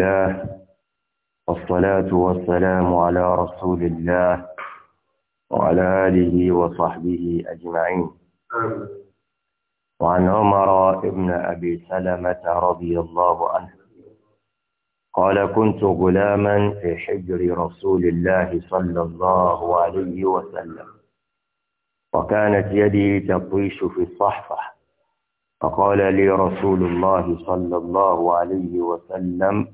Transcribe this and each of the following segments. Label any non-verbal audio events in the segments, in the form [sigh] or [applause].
الله والصلاة والسلام على رسول الله وعلى آله وصحبه أجمعين وعن عمر ابن أبي سلمة رضي الله عنه قال كنت غلاما في حجر رسول الله صلى الله عليه وسلم وكانت يدي تطويش في الصحفة فقال لي رسول الله صلى الله عليه وسلم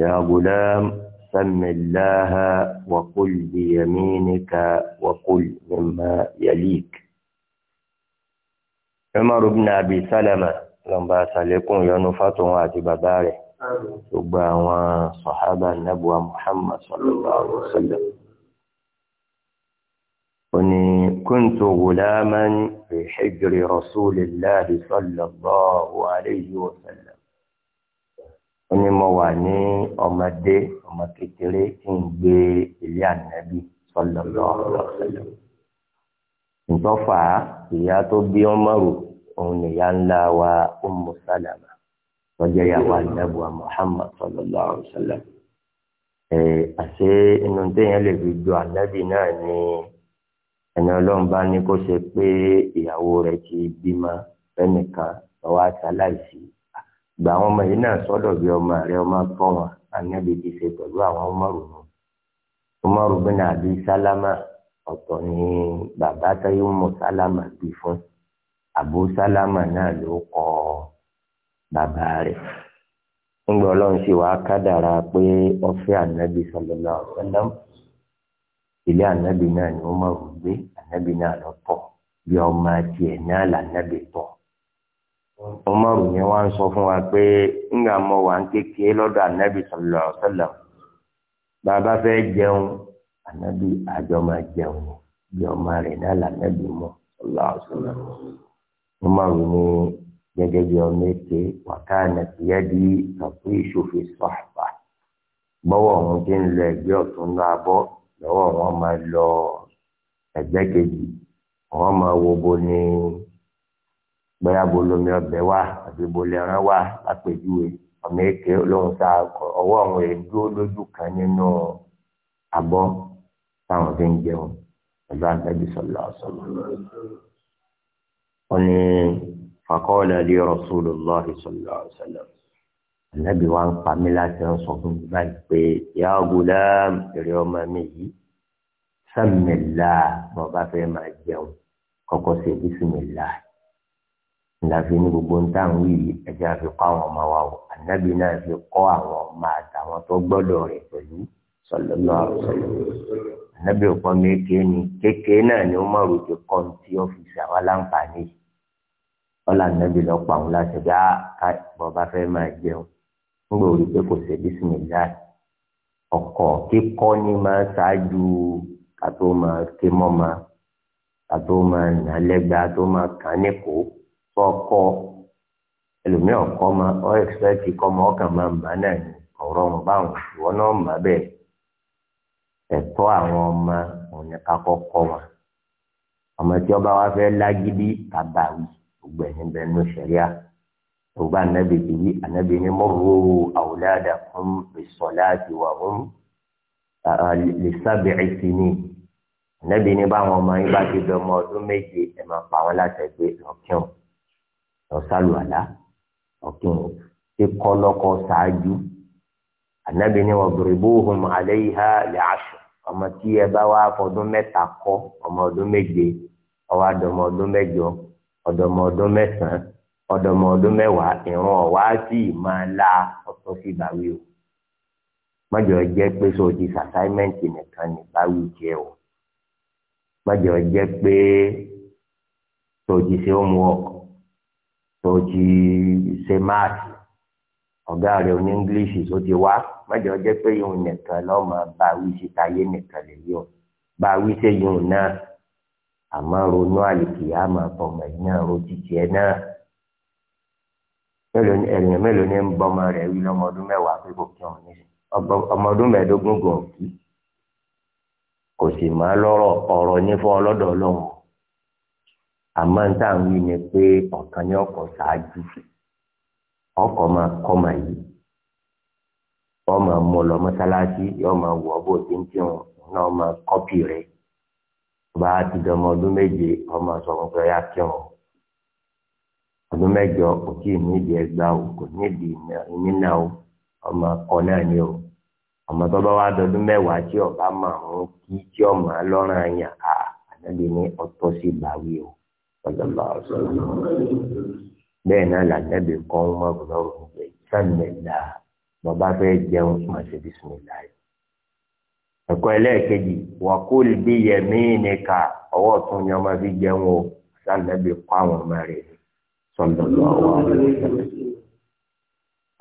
يا غلام سم الله وقل بيمينك وقل مما يليك عمر بن ابي سلمة لمبا سالكون يونو فاتون اتي باباري تبع وصحابه النبي محمد صلى الله عليه وسلم وني كنت غلاما في حجر رسول الله صلى الله عليه وسلم ó ní mo wà ní ọmọdé ọmọ kékeré tí ń gbé ilé ànábì sallallahu alaihi wasallam ntọ́fà ìyá tó bí Umaru òun nìyá ńlá wa Ummu Salama tọ́jú ìyàwó ànábì wa Muhammad sallallahu alaihi wasallam àṣé inú téèyàn lè fi ju ànábì náà ní ẹni ọlọ́run bá ní kó ṣe pé ìyàwó rẹ̀ ti bímọ fẹ́nìkan lọ́wọ́ àti aláìsí gbà àwọn ọmọ yìí náà sọ́dọ̀ bí ọmọ rẹ ọmọ tọ́ wọn ànábi ti ṣe pẹ̀lú àwọn ọmọrù nù ọmọrù bínú àbí sálámà ọ̀tọ̀ ni bàbá táyé mọ sálámà bí fún àbú sálámà náà ló kọ bàbá rẹ̀ ńgbà ọlọ́run ṣe wàá kádàrá pé ọfẹ́ ànábi sọlọ́lá ọ̀sẹ́lẹ́m ilé ànábi náà ni ọmọrù gbé ànábi náà lọ tọ̀ bí ọmọ tiẹ̀ náà lànábi tọ̀. Umaru ni wọ́n sọ fún wa pé ńgbà mọ wà ń kékeré lọ́dọ̀ ànábì sallallahu alaihi bàbá fẹ jẹun anabi àjọ máa jẹun bí ọmọ rẹ̀ náà lànábì mọ sallallahu alaihi wasallam ni gẹ́gẹ́ bí ọmọ èké wàkàna tìyẹ́dì tàbí ìṣòfin ti ń lọ wọn máa bóyá bolomi ọbẹ̀ wà àbí bolomi ẹran wà lápèjúwe ọmọ èké lóhùn tá ọwọ́ àwọn èdúró lójú kan nínú abọ́ táwọn fi ń jẹun pẹ̀lú àgbẹ̀bí sọ̀lá ọ̀sọ̀lá. wọ́n ní faqala li rasulullah sọ̀lá ọ̀sọ̀lá. ànábì wa ń pa mí láti ń sọ fún mi báyìí pé ya gulam èrè ọmọ mi yìí sàmìlá bọ́ọ̀ bá fẹ́ máa jẹun kọ́kọ́ sí bísímìlá láfi ní gbogbo ń tà ń wí yìí ẹjẹ àfi kọ́ àwọn ọmọ wa o ànábì náà fi kọ́ àwọn ọmọ àtàwọn tó gbọ́dọ̀ rẹ̀ pẹ̀lú sọlọlọ àwòsàn ànábì ọ̀pọ̀ méke ni kékeré náà ni ó mọ̀ rò ti kọ́ ti ọ́fíìsì àwa láǹfààní ọ̀là ànábì lọ pa òun láti gbá bọ́ba fẹ́ máa jẹun ńgbà orí pé kò ṣe bísímìlá ọkọ̀ kíkọ́ ni máa ṣáájú kátó máa ké mọ́ máa kátó máa nà lẹ́gbẹ̀ẹ́ kátó máa kàn ní kòó kọ́kọ́ ẹlòmíì ọ̀kọ́ ma ọ́ ẹ̀sìpẹ́tì kọ́ ma ọkàn máa mà náà ní ọ̀rọ̀ ń bá wọn ìwọ náà mà bẹ́ẹ̀ ẹ̀tọ́ àwọn ọmọ òun ni ká kọ́kọ́ wọn ọmọ tí ọba wa fẹ́ lágídí kábàáwí gbogbo ẹ̀yìn bẹ́ẹ̀ ní sẹ́ríà gbogbo anabi ti wí anabi ni murru awladakum bis-salati wa hum li sab'i sinin anabi ni báwọn ọmọ yín bá ti bẹ ọmọ ọdún méje ẹ̀ máa pa wọn láti ẹgbẹ́ ọ̀kẹ́wọ̀n. ọ̀sálù àlá ọ̀kìn ṣe kọ́ lọ́kọ́ ṣáájú ànábì ni wọ́n bèrè bóhùn àléyìhá aṣọ ọmọ tí ẹ bá wá fọdún mẹ́ta kọ́ ọmọ ọdún méje ọwọ́ àdọ́mọ ọdún mẹ́jọ ọdọmọ ọdún mẹ́sàn-án ọdọmọ ọdún mẹ́wàá ìran ọ̀wá sí máa la so ti sàtáímẹ́ǹtì nìkan ní báwí jẹ́ o mọ́jọ so ti ṣe homework tó ti ṣe máàkì ọ̀gá rẹ̀ oní ingilishi tó ti wá mẹ́jọ jẹ́ pé yóò nìkan lọ́ọ́ máa bá wí síta yé nìkan lè yọ bá wí ṣe yóò náà àmọ́ ronú àlìkìyà máa fọmọ yìí náà ro ẹ náà ènìyàn mélòó ni ń bọmọ rẹ̀ wí lọ́mọ ọdún mẹ́wàá pé kò kí ọ̀hún nísìn ọmọ ọdún mẹ́ẹ̀ẹ́dógún gàn kò sì máa lọ́rọ̀ ọ̀rọ̀ ní fún ọlọ́dọ̀ ọlọ́run àmọ́ n táà ń wí ni pé ọ̀kan ní ọkọ̀ ṣáájú ọkọ̀ máa kọ́ mà yìí wọ́n máa mú ọ lọ mọ́sálásí yóò máa wọ̀ ọ́ bó ti ń kírun náà máa kọ́pì rẹ̀ bá ti dọmọ ọdún méje wọ́n máa sọ wọn pé ọyá kírun ọdún mẹ́jọ kò tí ì nídìí ẹgbà o kò nídìí ìnínà o ọmọ akọ náà ni o ọmọ tó bá wá dọdún mẹ́wàá tí ọba máa ń kí tí ọmọ lọ́rùn àyàn àdàbí ní ọtọ́ sí ìbáwí o. bẹ́ẹ̀ náà lànàbì kan máa bọ̀ lọ́rùn gbẹ sàmìlà bàbá fẹ́ jẹun máa ṣe bisimilá yìí. ẹ̀kọ́ ẹlẹ́ẹ̀kejì wàkúlì bí yẹmí nìka ọwọ́ tún ni ọmọ fi jẹun o kọ́ àwọn ọmọ rẹ̀ lọ́wọ́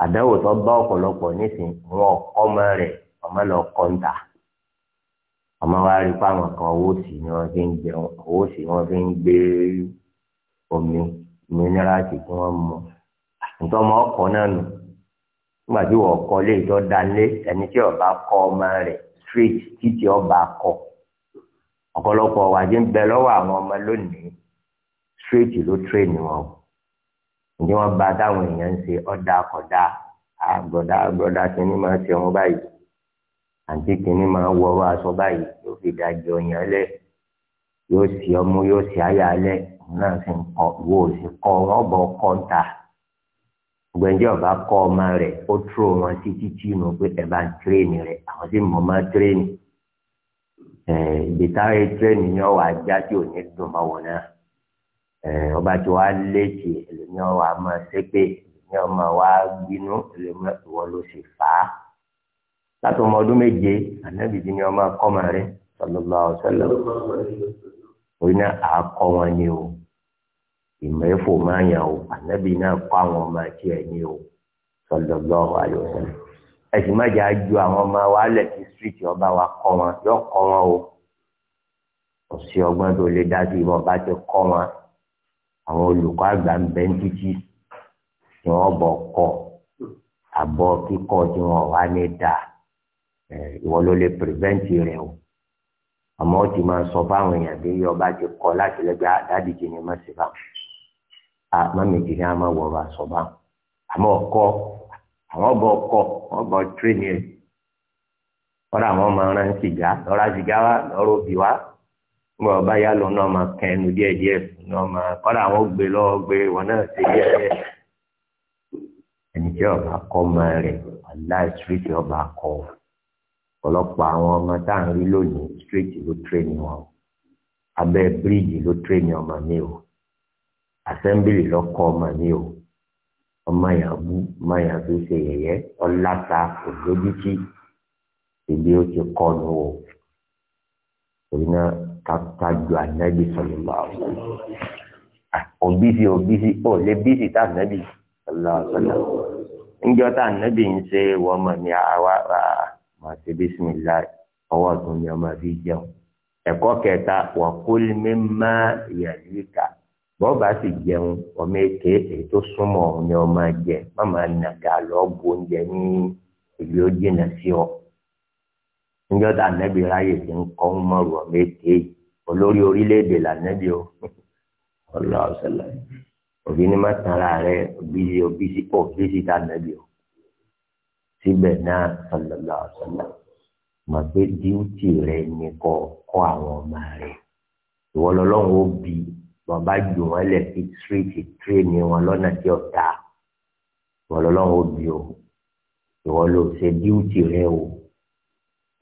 àdáwò tó bá ọ̀pọ̀lọpọ̀ nísìnyí wọn ọkọ́ rẹ̀ ọmọ lọ kọ́ńtà. ọmọ wa rí fáwọn kan owó sì ni wọ́n fi ń jẹun owó sì ni wọ́n fi ń gbé omi mínírààtì kí wọ́n mu nítorí ọmọ ọkọ náà nù nígbà tí wọ́n kọ́ lé ìjọ dalé ẹni tí ọba kọ́ ọmọ rẹ̀ street títí ọba kọ́ ọ̀pọ̀lọpọ̀ wàjú ń bẹ lọ́wọ́ àwọn ọmọ lónìí straight ló train wọn ǹjẹ́ wọ́n bá táwọn èèyàn ń ṣe ọ̀dà kọ̀dà àgbọ̀dà àgbọ̀dà tí ní máa ṣe wọn báyìí àǹtí kìíní máa ń wọrọ aṣọ báyìí yóò fi dájọ yàn lẹ yóò sì ọmú yóò sì àyà lẹ náà sì ń kọ wo ò sì kọ wọn bọ kọńtà gbẹ̀ǹjẹ́ ọba kọ́ ọmọ rẹ̀ ó tró wọn sí títí inú pé ẹ̀ bá ń tírèènì rẹ̀ àwọn sì mọ̀ máa tírèènì ìgbésáré tírèènì ni ọ̀wà ajá tí ò ní dùn mọ́ wọn náà ọba tí wàá létí ẹlòmíràn wàá máa ṣépè ẹlòmíràn máa wàá bínú ẹlòmíràn ìwọ ló sì fà á láti ọmọ ọdún méje ànábì bí ni ọmọ akọ́mọ rẹ sallallahu alaihi wasallam orí náà àákọ́ wọn ni o ìmọ̀ ẹ̀fọ́ máa yàn o ànábì náà kọ́ àwọn ọmọ àti ẹ̀ ní o sallallahu alaihi wasallam ẹ̀sìn má jà ju àwọn ọmọ wa lẹ̀ sí stíríìtì ọba wa kọ́ wọn yọ kọ́ wọn o òsì ọgbọ́n tó lè dá sí ìmọ̀ ọba ti kọ́ wọn àwọn olùkọ́ àgbà ń bẹ ń títí ìwọ ló lè prevent rẹ o àmọ́ ó ti máa sọ fáwọn ọba ti kọ́ láti lẹ́gbẹ́ ah, àdádìjì ni má ṣe báwọn àmọ́mi ah, ti ní àmọ́ ọba sọ àmọ́ ọkọ àwọn ọba ọkọ wọn bọ tírénì rẹ wọn làwọn ọmọ rán sìgá lọ́ra sìgá wa lọ́rọ̀ òbí wa wọn yá lọ náà máa ẹnu díẹ̀ díẹ̀ máa gbé lọ́wọ́ ọba kọ́ rẹ̀ ọba kọ́ ọ̀pọ̀lọpọ̀ àwọn ọmọ tá à ń rí lónìí street ló tréni wọn abẹ́ bíríìjì ló tréni ọmọ mi o assembly ló kọ́ ọmọ mi o ọmọ yẹn bú ọmọ yẹn fi ṣe yẹ̀yẹ́ ọláta kò lójútì ìdí ó ti kọ́ nu o torí náà kájú ànábì sọ̀rọ̀ lọ àwọn òbísí òbísí ó lè bísí tá ànábì sọ̀rọ̀ sọ̀rọ̀ ńjọ́ tá ànábì ń ṣe wọ́n mọ̀ ní àwa máa ṣe bísímìlá ọwọ́ ọ̀tún ni ọmọ fi jẹun ẹ̀kọ́ kẹta wàkúlì mímá ìyàlíkà bọ́ọ̀bà sì jẹun ọmọ èké èyí tó súnmọ́ ọ̀hún ni ọmọ jẹ mọ́mọ́ nàgà lọ́ọ́ bu oúnjẹ ní èyí ó jìnà sí ọ. níjọ́ tá ànábì ráyè ti ń kọ́ ń mọ̀rù ọmọ èké olórí orílẹ̀-èdè lànàbì o ọlọ́ọ̀sẹ̀lẹ̀ òbí ni má tara rẹ òbí sí òbí sí tànàbì o síbẹ̀ náà sallallahu alaihi wasallam mà pé díútì rẹ ni kọ́ kọ́ àwọn ọmọ rẹ ìwọ lọ́lọ́run ó bi wọn bá jù wọn lẹ̀ fi tírètì tírèmì wọn lọ́nà tí ó ta ìwọ lọ́lọ́run ó bi o ìwọ ló ṣe díútì rẹ o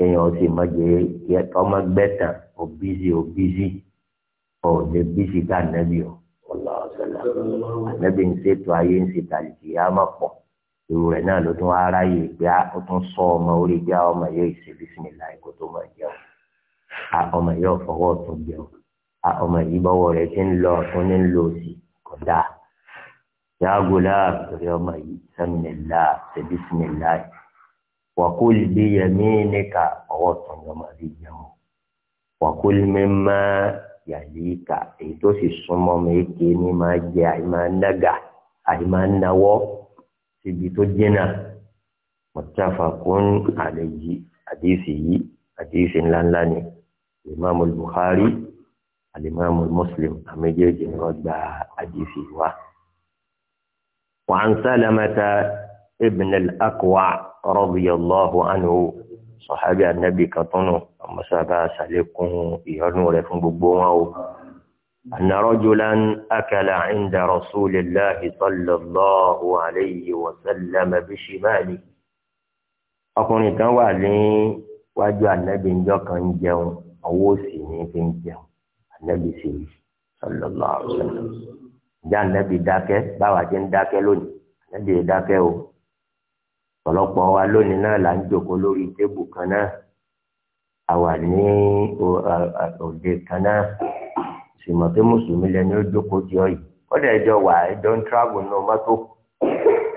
èèyàn sì má jẹ ọmọ gbẹ̀tàn òbízi òbízi ọ̀ lè bízi ká nẹ́bí o ọ̀là ọ̀sẹ̀ nẹ́bí ń ṣètò ayé ń ṣètò àlìkìyà má pọ̀ irú rẹ̀ náà ló tún ara yìí pé ó tún sọ ọmọ orí pé ọmọ yóò ṣe bísímìlà ẹ̀kọ́ tó mọ̀ jẹun a ọmọ yóò fọwọ́ tún jẹun a ọmọ yìí bọ́wọ́ rẹ̀ ti ń lọ ọ̀tún ní lò sí kódà yàgòlá torí ọmọ yìí sẹ́mìnìlá ṣe bísímìlà wàkúlì bí yẹmí níka ọwọ́ tún ní ọmọ yìí jẹun wàkúlì mímọ́ yàlíkà èyí tó sì súnmọ́ mi kí ni máa jẹ àìmáa nága àìmáa náwọ́ ibi tó jìnnà muttafaqun alayhi àdìsí yìí àdìsí ńláńlá ni imaamu bukhari alimaamu muslim àméjèèjì ni wọ́n gba àdìsí wa. وعن سلمة ابن الأكوع رضي الله عنه صحابي النبي كطنو أما سابع سالكم يرنو لفن ببوه أن رجلا أكل عند رسول الله صلى الله عليه وسلم بشماله ọkùnrin kan wà ní wájú ànábì ńjọ́ kan ń jẹun ọwọ́ òsì ní fi ń jẹun ànábì sì sallallahu alaihi wasallam ǹjẹ́ ànábì dákẹ́ báwa ti ń dákẹ́ lónìí ànábì yẹn dákẹ́ o ọ̀pọ̀lọpọ̀ wa lónìí náà là ń jòkó lórí tébù kan náà àwa ní òde kan náà sìmọ̀ pé mùsùlùmí lẹni ó jókòó jọ yìí kọ́dà ẹjọ́ wà ẹjọ́ ń travel náà mọ́tò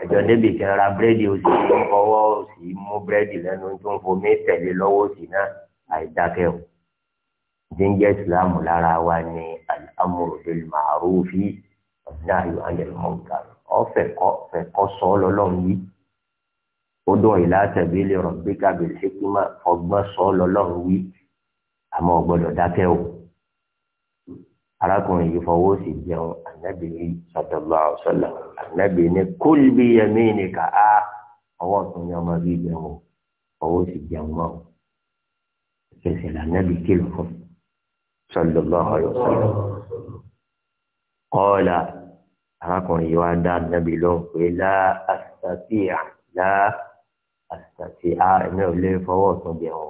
ẹjọ́ débi kan ra búrẹ́dì òsì ń fọwọ́ òsì mú búrẹ́dì lẹ́nu tó ń fomi tẹ̀lé lọ́wọ́ òsì náà àìdákẹ́ o jíjẹ́ ìsìláàmù lára wa ni al-amru bil ma'rufi wan-nahyu 'anil munkar ọ̀fẹ̀kọ́ sọ ọ́ lọ́lọ́run yìí ó dùn ìlà sabili rabbika bil hikma ọgbọ́n sọ ọ́ lọ́lọ́run yìí àmọ́ ọ̀gbọ́dọ̀ dákẹ́ o arákùnrin yìí fọwọ́ sí jẹun ànábì ní sallallahu alaihi wasallam ànábì ní kul bi yaminika á ọwọ́ ọ̀tún ni ọmọ bíi jẹun fọwọ́ sí jẹun mọ́ ìṣẹ̀lẹ̀ ànábì kìlọ̀ fún sallallahu alaihi wasallam qala arákùnrin yìí wá dá ànábì lóhùn pé la astati'a la astati'a èmi ò lè fọwọ́ ọ̀tún jẹun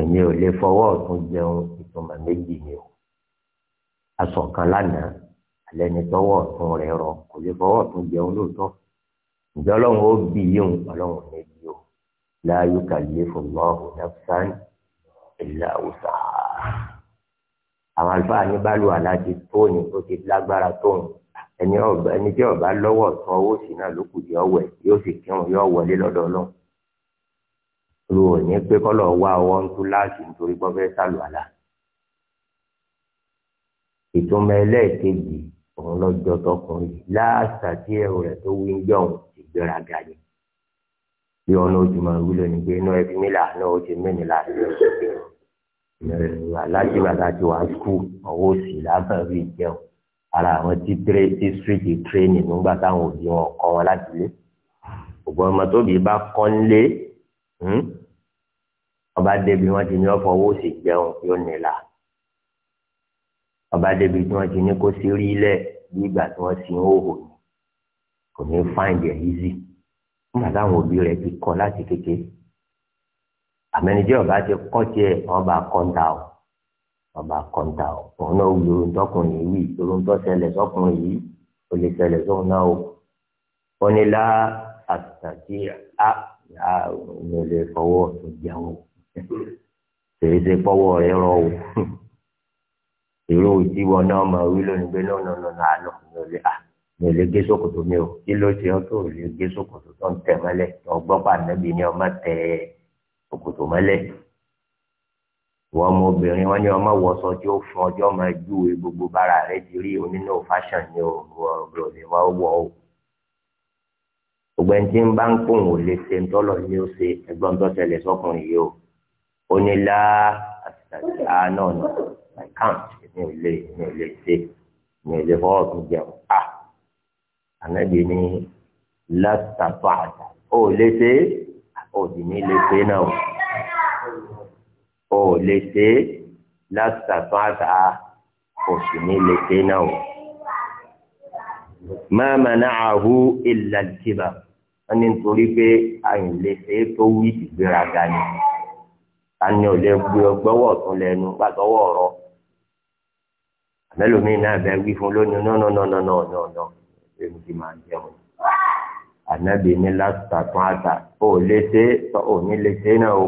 èmi ò lè fọwọ́ ọ̀tún jẹun ìtumọ̀ méjì ni o aṣọ kan lánàá alẹ́ ní tọwọ́ ọ̀tún rẹ̀ rọ kò lè fọwọ́ ọ̀tún jẹun lóòótọ́ ǹjẹ́ ọlọ́run ó bí yíyún ọlọ́run ní bí o la yukallifullahu nafsan illa wus'aha àwọn àlùfáà ní bálù aláti tóòní tó ti lágbára tóòní ẹni ọba ẹni tí ọba lọ́wọ́ tán owó sí náà ló kù jẹ ọwẹ yóò sì kírun yóò wọlé lọ́dọ̀ náà olùwò ní pé kọlọ wá ọwọ́ ń tú láàṣì nítorí gbọfẹ sálù àlà ìtumọ̀ ẹlẹ́ẹ̀kejì òun lọ́jọ́ tọkùnrin láàṣà tí ẹ̀rù rẹ̀ tó wí ń jọ̀hún ti gbéra ga ni bí ọ̀nà ojúmọ̀ wúlò ní pé inú ẹbí mi làánú ó ti mẹ́ni láti aláṣẹ bàtà ti wà skul ọwọ́ sí lábẹ́ rí jẹun ara àwọn tí tí street training nígbà táwọn òbí wọn kọ́ wọn láti lé ògbọ́n ọmọ tóbi bá kọ́ ń lé hmm, ọba débi wọn ti ní ọ̀fọ̀ owó sì jẹun yóò nílà ọba débi tí wọ́n ti ní kó sí rí lẹ̀ bí ìgbà tí wọ́n sin hóhò ni kò ní find it easy nígbà táwọn òbí rẹ̀ ti kọ́ láti kékeré àmẹnijẹ́ ọba ti kọ́ tiẹ̀ wọ́n bá kọ́ńtà o wọ́n bá kọ́ńtà o òun náà wúlò ntọ́kùnrin yìí lórí ntọ́sẹ̀lẹ̀ sọ́kùnrin yìí ó lè ṣẹlẹ̀ sóun náà o ó ní lá àtàtì á ní ilé fọwọ́ tó jẹun o [laughs] kì fọwọ́ rẹ̀ rọ o. [laughs] èrò òtí wọn náà máa wí lónìí pé náà náà náà àná mi ò lè à mi ò lè gé sòkòtò mi ò kí ló ṣe ọ́ tó ò lè gé sòkòtò tó ń tẹ̀ mọ́lẹ̀ tó gbọ́ pàdánù ni ọmọ tẹ sòkòtò mọ́lẹ̀ wọ́n mọ obìnrin wọ́n ní ọmọ wọṣọ tí ó fún ọjọ́ máa júwe gbogbo bára rẹ̀ ti rí onínú fashion ni ò rò lè wá wọ̀ ọ́ ògbẹ́ni tí ń bá ń pòun ò lè ṣe ń tọ́lọ̀ ní ó ṣe ẹ̀gbọ́n tó ṣẹlẹ̀ sọ́kùnrin yìí o ó ní lá àtàkì àánọ̀ ni I can't mi ò lè mi ò lè ṣe mi ò lè fọwọ́ tún jẹun a ànábì ní látàtọ̀ àjà ó lè ṣe ó sì ní lè ṣe náà ó lè ṣe látàtọ̀ àjà ó sì ní lè ṣe náà ma mana'ahu illa al-kibar wọ́n ní nítorí pé àyìnlẹ́sẹ̀ tó wí ìgbéraga ni a ò lè gbé ọgbọ́wọ́ tún lẹ́nu gbàtọ́wọ́ ọ̀rọ̀ àbẹ́lómi náà bẹ wí fún lónìí nọ́nọ́nọ́nọ́nọ́nọ́ èmi ti máa jẹun ànábì ní látàkùn àtà ó lé sé ó ní lé sé náà o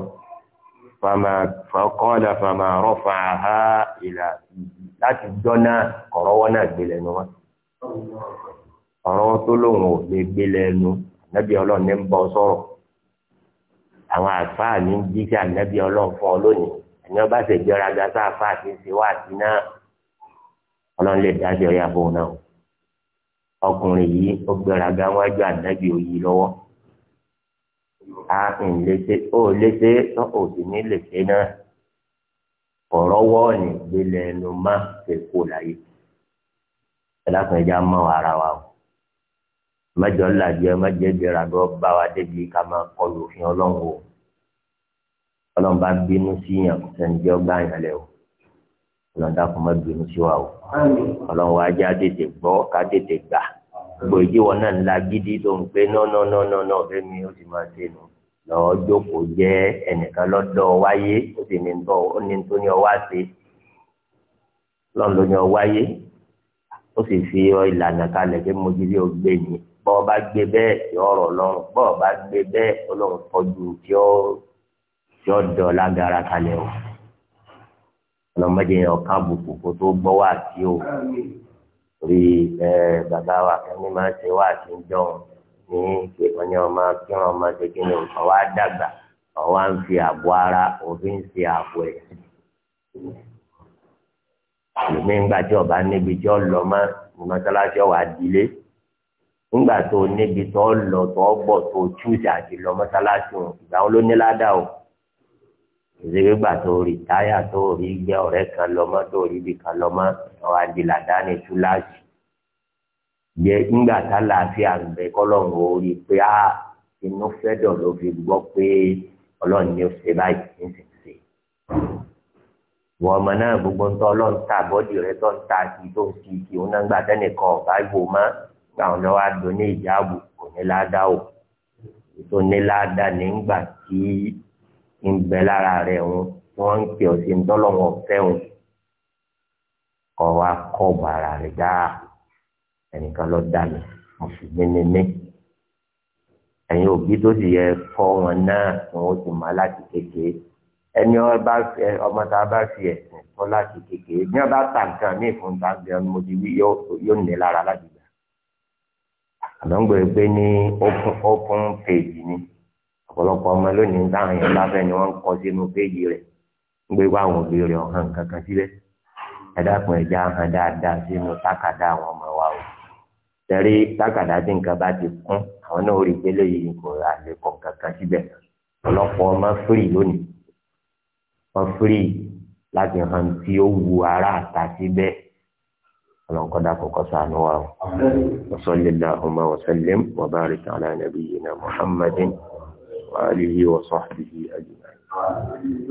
fama fọkànlá fama rọfà ha ìlà láti dọ́nà kọ̀rọ́wọ́ náà gbélé nu wọn ọ̀rọ̀ tó lóun ò lè gbélé nu ànábì ọlọ́run ní ń bọ́ sọ̀rọ̀ àwọn àfáà ní jíjà ànábì ọlọ́run fún ọ lónìí ẹni wọn ṣèjọra gàtà àfáà ti ṣe wá àti náà ọlọ́run lè dájọ́ ya bò náà ọkùnrin yìí ó gbéraga wájú ànábì òyì lọ́wọ́ a ń léṣe ó léṣe tó o sì ní léṣe náà ọ̀rọ̀ wọ́ọ̀nì gbélé ẹnu má ṣe kó láyé ẹlẹ́kùn ẹja mọ́ ara wa o mẹjọ làjẹ mẹjẹ gbéraga bá wa débi ká máa kọlu òfin ọlọ́run o ọlọ́run bá bínú síyàn sẹ́ni jẹ́ ọgbà yàn lẹ́wọ̀ lọ́dà kò má bínú sí wa o ọlọ́run wa já tètè gbọ́ ká tètè gbà gbogbo ìdíwọ́ náà ńlá gidi tó ń pé nọ́ọ̀nọ́ọ̀nọ́ọ̀nọ́ fẹ́mi ó sì máa ṣe nù lọ́ọ́ jókòó jẹ́ ẹnìkan lọ́dọ̀ wáyé ó sì ní bọ́ ó ní tó ní ọwá ṣe lọ́n ló ní ọwá yé ó sì fi ìlànà kalẹ̀ pé mo jírí o gbé ni bọ́ ọ bá gbé bẹ́ẹ̀ yọ ọ̀rọ̀ lọ́rùn bọ́ ọ bá gbé bẹ́ẹ̀ ọlọ́run tọ́jú tí ó dọ̀ lágara kalẹ̀ o ọlọ́mọdé yẹn ọ̀ka àbùkù kó tó gbọ́ wá sí o torí ẹ bàbá wa kẹ́mi máa ń ṣe wá sí jọ̀hún ní ìpínlẹ̀ ọmọ kí wọ́n máa ṣe kí ni ọ̀wá dàgbà ọ̀wá ń fi àbọ̀ ara òfin ṣe àbọ̀ ẹ̀. èmi ńgbà tí ọba níbi tí ọ lọ mọ ní mọ́sálásí ọ̀wá ńgbà tó níbi tó lọ tó bọ̀ tó túṣà àti lọ mọ́sálásí ìgbà wọn ló ní ládàá o ìṣègbègbà tó rí táyà tó rí jẹ́ ọ̀rẹ́ kan lọ́mọ tó rí ibì kan lọ́mọ ọ̀rọ̀ àdìlà dání túláàsì jẹ́ ńgbà tá láàfin àgbẹ̀ kọ́lọ́run ó rí pé á inú fẹ́dọ̀ ló fi gbọ́ pé ọlọ́run ní ṣe báyìí ní sèse wọ́n ọmọ náà gbogbo ńtọ́ ọlọ́run ta bọ́dì rẹ tó ń ta kí tó ń fi kí òun náà gbà tẹ́nìkan ọ̀gá ìbò mọ́ àwọn náà wàá dún ìjáàbù kò ní ládàá ò tó ní ládàá nígbà tí ń bẹ lára rẹ̀ òun wọ́n ń pè ọ́ sí ń tọ́lọ́wọ́ fẹ́hùn kọ́ wa kọ́ bọ̀ ara rẹ̀ dáa ẹnìkan lọ dà mí mùsùlùmí ni mí ẹ̀yin òbí tó sì yẹ kọ́ wọn náà ni wọ́n ti máa láti kékeré ẹni ọba ọmọ tá a bá fi ẹ̀sìn kọ́ láti kékeré ní ọba tà ní ìfúnta bí ọmọ mo ti wí yóò ní lára láti gbà àmọ́ ń gbé pé ní open open page ni ọ̀pọ̀lọpọ̀ ọmọ lónìí ń táwọn èèyàn bá fẹ́ ni wọ́n ń kọ sínú péjì rẹ̀ ń gbé wá àwọn òbí rẹ̀ ọ̀hán kankan sílẹ̀ ẹ̀dàkùn ẹ̀já hàn dáadáa sínú tákàdá àwọn ọmọ wa o tẹ̀rí tákàdá tí nǹkan bá ti kún àwọn náà rí pé léyìí kò àlè kọ̀ kankan síbẹ̀ ọ̀pọ̀lọpọ̀ ọmọ fírì lónìí wọ́n fírì láti hàn tí ó wu ara àta síbẹ̀ ọlọ́nkọ́dá kọ̀kọ́ sànú wa o. wa sallallahu وآله وصحبه أجمعين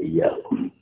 إياكم